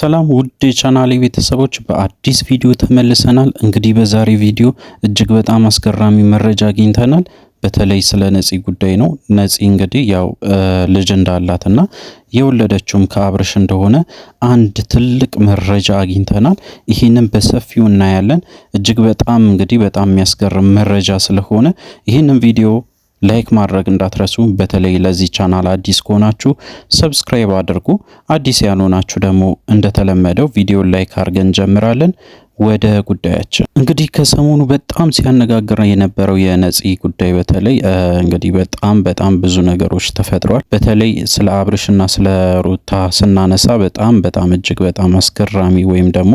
ሰላም ውድ የቻናሌ ቤተሰቦች በአዲስ ቪዲዮ ተመልሰናል። እንግዲህ በዛሬ ቪዲዮ እጅግ በጣም አስገራሚ መረጃ አግኝተናል። በተለይ ስለ ነፂ ጉዳይ ነው። ነፂ እንግዲህ ያው ልጅ እንዳላትና የወለደችውም ከአብርሽ እንደሆነ አንድ ትልቅ መረጃ አግኝተናል። ይህንን በሰፊው እናያለን። እጅግ በጣም እንግዲህ በጣም የሚያስገርም መረጃ ስለሆነ ይህንም ቪዲዮ ላይክ ማድረግ እንዳትረሱ። በተለይ ለዚህ ቻናል አዲስ ከሆናችሁ ሰብስክራይብ አድርጉ። አዲስ ያልሆናችሁ ደግሞ እንደተለመደው ቪዲዮን ላይክ አድርገን እንጀምራለን። ወደ ጉዳያችን እንግዲህ ከሰሞኑ በጣም ሲያነጋግር የነበረው የነፂ ጉዳይ በተለይ እንግዲህ በጣም በጣም ብዙ ነገሮች ተፈጥሯል። በተለይ ስለ አብርሽና ስለ ሩታ ስናነሳ በጣም በጣም እጅግ በጣም አስገራሚ ወይም ደግሞ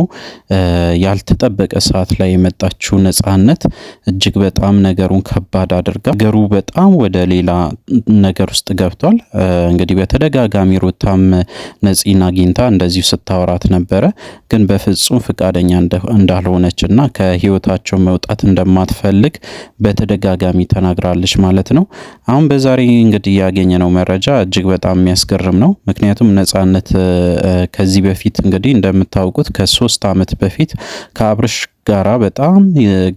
ያልተጠበቀ ሰዓት ላይ የመጣችው ነፃነት እጅግ በጣም ነገሩን ከባድ አድርጋ ነገሩ በጣም ወደ ሌላ ነገር ውስጥ ገብቷል። እንግዲህ በተደጋጋሚ ሩታም ነፂን አግኝታ እንደዚሁ ስታወራት ነበረ፣ ግን በፍጹም እንደ። እንዳልሆነች እና ከህይወታቸው መውጣት እንደማትፈልግ በተደጋጋሚ ተናግራለች ማለት ነው። አሁን በዛሬ እንግዲህ ያገኘነው መረጃ እጅግ በጣም የሚያስገርም ነው። ምክንያቱም ነጻነት ከዚህ በፊት እንግዲህ እንደምታውቁት ከሶስት አመት በፊት ከአብርሽ ጋራ በጣም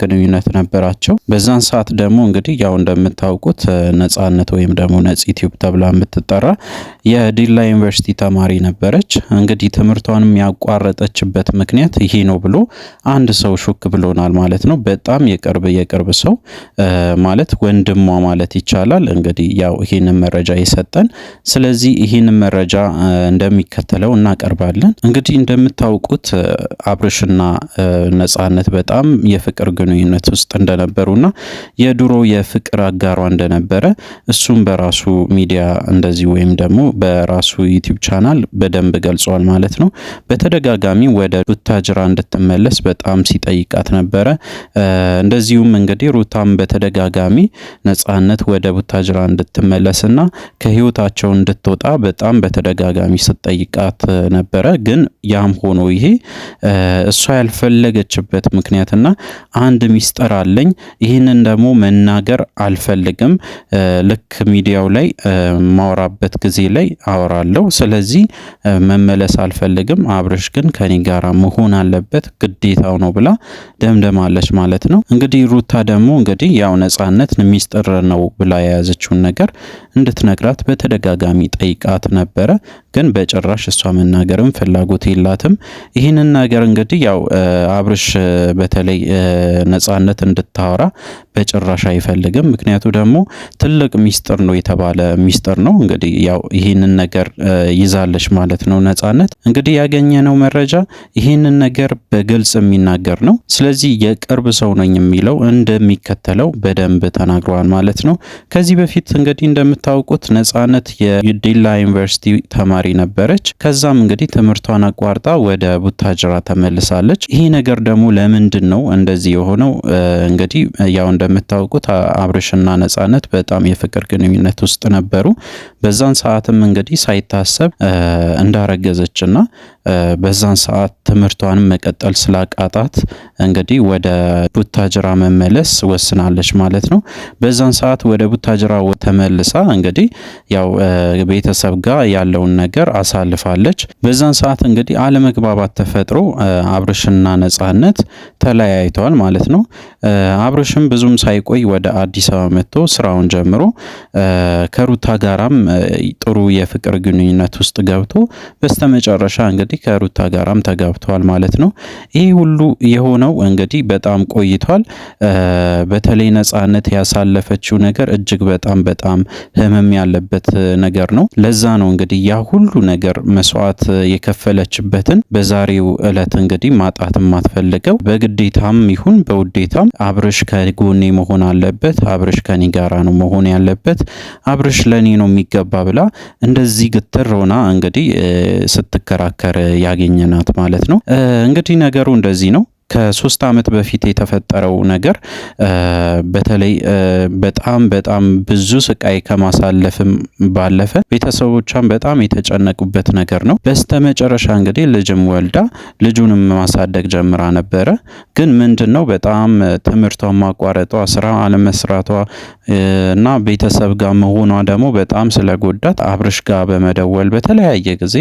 ግንኙነት ነበራቸው። በዛን ሰዓት ደግሞ እንግዲህ ያው እንደምታውቁት ነጻነት ወይም ደግሞ ነጽ ዩቲዩብ ተብላ የምትጠራ የዲላ ዩኒቨርሲቲ ተማሪ ነበረች። እንግዲህ ትምህርቷንም ያቋረጠችበት ምክንያት ይሄ ነው ብሎ አንድ ሰው ሹክ ብሎናል ማለት ነው። በጣም የቅርብ የቅርብ ሰው ማለት ወንድሟ ማለት ይቻላል። እንግዲህ ያው ይህንን መረጃ የሰጠን ስለዚህ ይህንን መረጃ እንደሚከተለው እናቀርባለን። እንግዲህ እንደምታውቁት አብርሽና ነጻነት በዋናነት በጣም የፍቅር ግንኙነት ውስጥ እንደነበሩና የድሮ የፍቅር አጋሯ እንደነበረ እሱም በራሱ ሚዲያ እንደዚህ ወይም ደግሞ በራሱ ዩቲዩብ ቻናል በደንብ ገልጿል ማለት ነው። በተደጋጋሚ ወደ ቡታጅራ እንድትመለስ በጣም ሲጠይቃት ነበረ። እንደዚሁም እንግዲህ ሩታም በተደጋጋሚ ነጻነት ወደ ቡታጅራ እንድትመለስና ከህይወታቸው እንድትወጣ በጣም በተደጋጋሚ ስትጠይቃት ነበረ። ግን ያም ሆኖ ይሄ እሷ ያልፈለገችበት ምክንያትና አንድ ሚስጥር አለኝ፣ ይህንን ደግሞ መናገር አልፈልግም። ልክ ሚዲያው ላይ ማወራበት ጊዜ ላይ አወራለሁ። ስለዚህ መመለስ አልፈልግም። አብርሽ ግን ከኔ ጋራ መሆን አለበት ግዴታው ነው ብላ ደምደማለች ማለት ነው። እንግዲህ ሩታ ደግሞ እንግዲህ ያው ነጻነት ሚስጥር ነው ብላ የያዘችውን ነገር እንድትነግራት በተደጋጋሚ ጠይቃት ነበረ። ግን በጭራሽ እሷ መናገርም ፍላጎት የላትም። ይህንን ነገር እንግዲህ ያው አብርሽ በተለይ ነጻነት እንድታወራ በጭራሽ አይፈልግም። ምክንያቱ ደግሞ ትልቅ ሚስጥር ነው የተባለ ሚስጥር ነው። እንግዲህ ያው ይህንን ነገር ይዛለች ማለት ነው ነጻነት። እንግዲህ ያገኘነው መረጃ ይህንን ነገር በግልጽ የሚናገር ነው። ስለዚህ የቅርብ ሰው ነኝ የሚለው እንደሚከተለው በደንብ ተናግረዋል ማለት ነው። ከዚህ በፊት እንግዲህ እንደምታውቁት ነጻነት የዲላ ዩኒቨርሲቲ ተማሪ ነበረች። ከዛም እንግዲህ ትምህርቷን አቋርጣ ወደ ቡታጅራ ተመልሳለች። ይህ ነገር ደግሞ ለምንድን ነው እንደዚህ የሆነው? እንግዲህ ያው እንደ እንደምታውቁት አብርሽና ነጻነት በጣም የፍቅር ግንኙነት ውስጥ ነበሩ። በዛን ሰዓትም እንግዲህ ሳይታሰብ እንዳረገዘችና በዛን ሰዓት ትምህርቷንም መቀጠል ስላቃጣት እንግዲህ ወደ ቡታጅራ መመለስ ወስናለች ማለት ነው። በዛን ሰዓት ወደ ቡታጅራ ተመልሳ እንግዲህ ያው ቤተሰብ ጋር ያለውን ነገር አሳልፋለች። በዛን ሰዓት እንግዲህ አለመግባባት ተፈጥሮ አብርሽና ነጻነት ተለያይተዋል ማለት ነው። አብርሽም ብዙም ሳይቆይ ወደ አዲስ አበባ መጥቶ ስራውን ጀምሮ ከሩታ ጋራም ጥሩ የፍቅር ግንኙነት ውስጥ ገብቶ በስተመጨረሻ እንግዲህ ከሩታ ጋራም ተጋብተዋል ማለት ነው። ይህ ሁሉ የሆነው እንግዲህ በጣም ቆይቷል። በተለይ ነጻነት ያሳለፈችው ነገር እጅግ በጣም በጣም ህመም ያለበት ነገር ነው። ለዛ ነው እንግዲህ ያ ሁሉ ነገር መስዋዕት የከፈለችበትን በዛሬው እለት እንግዲህ ማጣት የማትፈልገው በግዴታም ይሁን በውዴታም አብርሽ ከጎን ከጎኔ መሆን አለበት፣ አብርሽ ከኔ ጋራ ነው መሆን ያለበት፣ አብርሽ ለእኔ ነው የሚገባ ብላ እንደዚህ ግትር ሆና እንግዲህ ስትከራከር ያገኘናት ማለት ነው። እንግዲህ ነገሩ እንደዚህ ነው። ከሶስት ዓመት በፊት የተፈጠረው ነገር በተለይ በጣም በጣም ብዙ ስቃይ ከማሳለፍም ባለፈ ቤተሰቦቿን በጣም የተጨነቁበት ነገር ነው። በስተመጨረሻ እንግዲህ ልጅም ወልዳ ልጁንም ማሳደግ ጀምራ ነበረ። ግን ምንድን ነው በጣም ትምህርቷን ማቋረጧ፣ ስራ አለመስራቷ እና ቤተሰብ ጋር መሆኗ ደግሞ በጣም ስለጎዳት አብርሽ ጋር በመደወል በተለያየ ጊዜ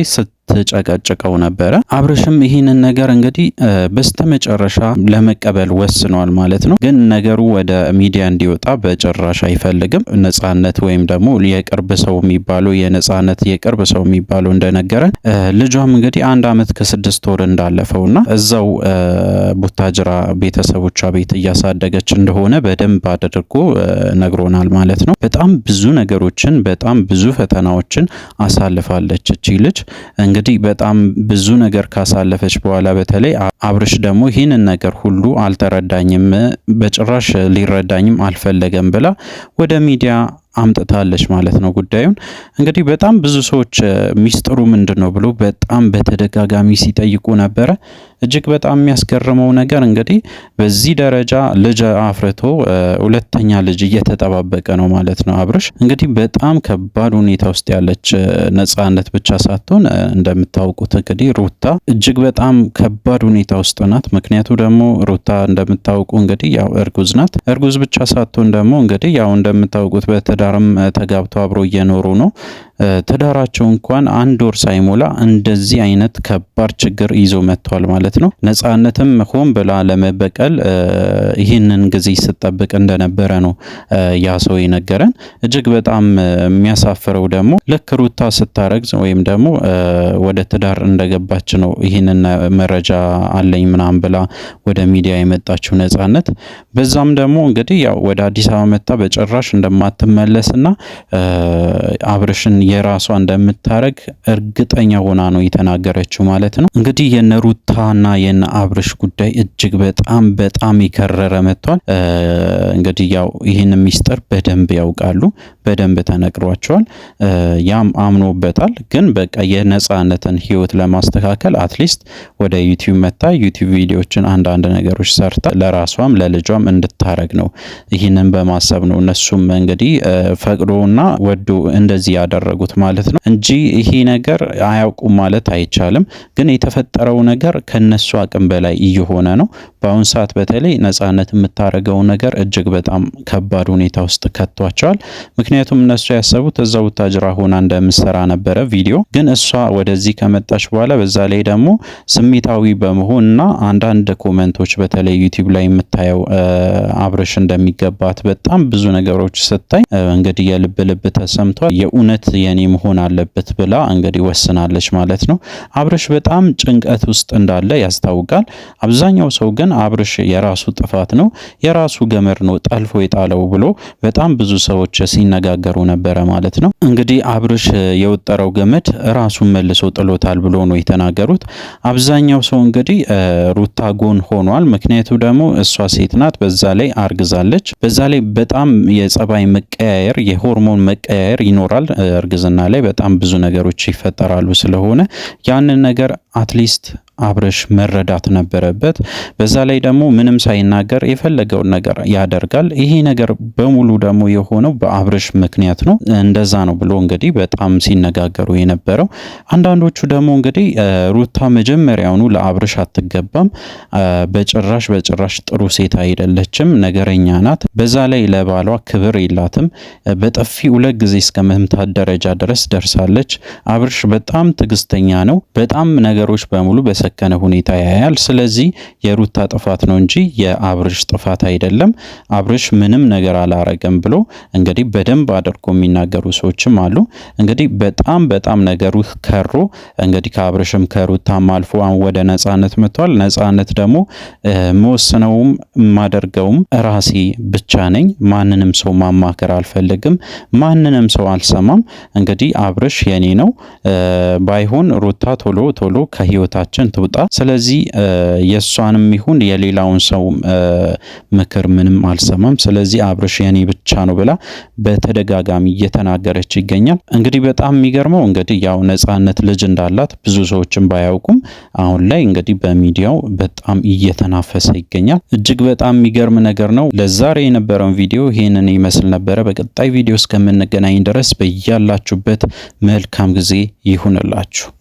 ስትጨቀጭቀው ነበረ። አብርሽም ይህንን ነገር እንግዲህ በስተመጨረሻ ለመቀበል ወስኗል ማለት ነው። ግን ነገሩ ወደ ሚዲያ እንዲወጣ በጭራሽ አይፈልግም። ነጻነት ወይም ደግሞ የቅርብ ሰው የሚባለው የነጻነት የቅርብ ሰው የሚባለው እንደነገረን ልጇም እንግዲህ አንድ አመት ከስድስት ወር እንዳለፈውና እዛው ቡታጅራ ቤተሰቦቿ ቤት እያሳደገች እንደሆነ በደንብ አድርጎ ነግሮናል ማለት ነው። በጣም ብዙ ነገሮችን በጣም ብዙ ፈተናዎችን አሳልፋለች እቺ ልጅ እንግዲህ በጣም ብዙ ነገር ካሳለፈች በኋላ በተለይ አብርሽ ደግሞ ይህንን ነገር ሁሉ አልተረዳኝም፣ በጭራሽ ሊረዳኝም አልፈለገም ብላ ወደ ሚዲያ አምጥታለች ማለት ነው። ጉዳዩን እንግዲህ በጣም ብዙ ሰዎች ሚስጥሩ ምንድን ነው ብሎ በጣም በተደጋጋሚ ሲጠይቁ ነበረ። እጅግ በጣም የሚያስገርመው ነገር እንግዲህ በዚህ ደረጃ ልጅ አፍርቶ ሁለተኛ ልጅ እየተጠባበቀ ነው ማለት ነው። አብርሽ እንግዲህ በጣም ከባድ ሁኔታ ውስጥ ያለች ነጻነት ብቻ ሳትሆን እንደምታውቁት እንግዲህ ሩታ እጅግ በጣም ከባድ ሁኔታ ውስጥ ናት። ምክንያቱ ደግሞ ሩታ እንደምታውቁ እንግዲህ ያው እርጉዝ ናት። እርጉዝ ብቻ ሳትሆን ደግሞ እንግዲህ ያው እንደምታውቁት በተዳ ጋርም ተጋብተው አብሮ እየኖሩ ነው። ትዳራቸው እንኳን አንድ ወር ሳይሞላ እንደዚህ አይነት ከባድ ችግር ይዞ መጥቷል ማለት ነው። ነጻነትም ሆን ብላ ለመበቀል ይህንን ጊዜ ስጠብቅ እንደነበረ ነው ያ ሰው የነገረን። እጅግ በጣም የሚያሳፍረው ደግሞ ልክ ሩታ ስታረግዝ ወይም ደግሞ ወደ ትዳር እንደገባች ነው ይህንን መረጃ አለኝ ምናምን ብላ ወደ ሚዲያ የመጣችው ነጻነት። በዛም ደግሞ እንግዲህ ያው ወደ አዲስ አበባ መጣ በጭራሽ እንደማትመለስና አብርሽን የራሷ እንደምታረግ እርግጠኛ ሆና ነው የተናገረችው ማለት ነው። እንግዲህ የነ ሩታና የነ አብርሽ ጉዳይ እጅግ በጣም በጣም የከረረ መጥቷል። እንግዲህ ያው ይህን ሚስጥር በደንብ ያውቃሉ፣ በደንብ ተነግሯቸዋል፣ ያም አምኖበታል። ግን በቃ የነፃነትን ህይወት ለማስተካከል አትሊስት ወደ ዩቲዩብ መታ ዩቲዩብ ቪዲዮዎችን አንዳንድ ነገሮች ሰርታ ለራሷም ለልጇም እንድታረግ ነው። ይህንን በማሰብ ነው እነሱም እንግዲህ ፈቅዶና ወዶ እንደዚህ ያደረጉ ያደረጉት ማለት ነው እንጂ ይሄ ነገር አያውቁም ማለት አይቻልም። ግን የተፈጠረው ነገር ከነሱ አቅም በላይ እየሆነ ነው። በአሁን ሰዓት በተለይ ነጻነት የምታደርገው ነገር እጅግ በጣም ከባድ ሁኔታ ውስጥ ከቷቸዋል። ምክንያቱም እነሱ ያሰቡት እዛ ቡታጅራ ሆና እንደምሰራ ነበረ ቪዲዮ። ግን እሷ ወደዚህ ከመጣች በኋላ በዛ ላይ ደግሞ ስሜታዊ በመሆን እና አንዳንድ ኮመንቶች በተለይ ዩቲዩብ ላይ የምታየው አብረሽ እንደሚገባት በጣም ብዙ ነገሮች ስታይ እንግዲህ የልብ ልብ ተሰምቷል የእውነት የኔ መሆን አለበት ብላ እንግዲህ ወስናለች ማለት ነው። አብርሽ በጣም ጭንቀት ውስጥ እንዳለ ያስታውቃል። አብዛኛው ሰው ግን አብርሽ የራሱ ጥፋት ነው፣ የራሱ ገመድ ነው ጠልፎ የጣለው ብሎ በጣም ብዙ ሰዎች ሲነጋገሩ ነበረ ማለት ነው። እንግዲህ አብርሽ የወጠረው ገመድ ራሱን መልሶ ጥሎታል ብሎ ነው የተናገሩት። አብዛኛው ሰው እንግዲህ ሩታ ጎን ሆኗል። ምክንያቱ ደግሞ እሷ ሴት ናት፣ በዛ ላይ አርግዛለች። በዛ ላይ በጣም የጸባይ መቀያየር የሆርሞን መቀያየር ይኖራል እርግዝና ላይ በጣም ብዙ ነገሮች ይፈጠራሉ። ስለሆነ ያንን ነገር አትሊስት አብርሽ መረዳት ነበረበት። በዛ ላይ ደግሞ ምንም ሳይናገር የፈለገውን ነገር ያደርጋል። ይሄ ነገር በሙሉ ደግሞ የሆነው በአብርሽ ምክንያት ነው። እንደዛ ነው ብሎ እንግዲህ በጣም ሲነጋገሩ የነበረው አንዳንዶቹ ደግሞ እንግዲህ ሩታ መጀመሪያውኑ ለአብርሽ አትገባም፣ በጭራሽ በጭራሽ ጥሩ ሴት አይደለችም፣ ነገረኛ ናት፣ በዛ ላይ ለባሏ ክብር የላትም፣ በጥፊ ሁለት ጊዜ እስከ መምታት ደረጃ ድረስ ደርሳለች። አብርሽ በጣም ትዕግስተኛ ነው። በጣም ነገሮች በሙሉ በሰ በሰከነ ሁኔታ ያያል። ስለዚህ የሩታ ጥፋት ነው እንጂ የአብርሽ ጥፋት አይደለም፣ አብርሽ ምንም ነገር አላረገም ብሎ እንግዲህ በደንብ አድርጎ የሚናገሩ ሰዎችም አሉ። እንግዲህ በጣም በጣም ነገሩ ከሮ እንግዲህ ከአብርሽም ከሩታም አልፎ ወደ ነጻነት መጥቷል። ነጻነት ደግሞ መወስነውም ማደርገውም ራሴ ብቻ ነኝ፣ ማንንም ሰው ማማከር አልፈልግም፣ ማንንም ሰው አልሰማም። እንግዲህ አብርሽ የኔ ነው ባይሆን ሩታ ቶሎ ቶሎ ከህይወታችን ትውጣ። ስለዚህ የእሷንም ይሁን የሌላውን ሰው ምክር ምንም አልሰማም፣ ስለዚህ አብርሽ የኔ ብቻ ነው ብላ በተደጋጋሚ እየተናገረች ይገኛል። እንግዲህ በጣም የሚገርመው እንግዲህ ያው ነጻነት ልጅ እንዳላት ብዙ ሰዎችን ባያውቁም አሁን ላይ እንግዲህ በሚዲያው በጣም እየተናፈሰ ይገኛል። እጅግ በጣም የሚገርም ነገር ነው። ለዛሬ የነበረውን ቪዲዮ ይህንን ይመስል ነበረ። በቀጣይ ቪዲዮ እስከምንገናኝ ድረስ በያላችሁበት መልካም ጊዜ ይሁንላችሁ።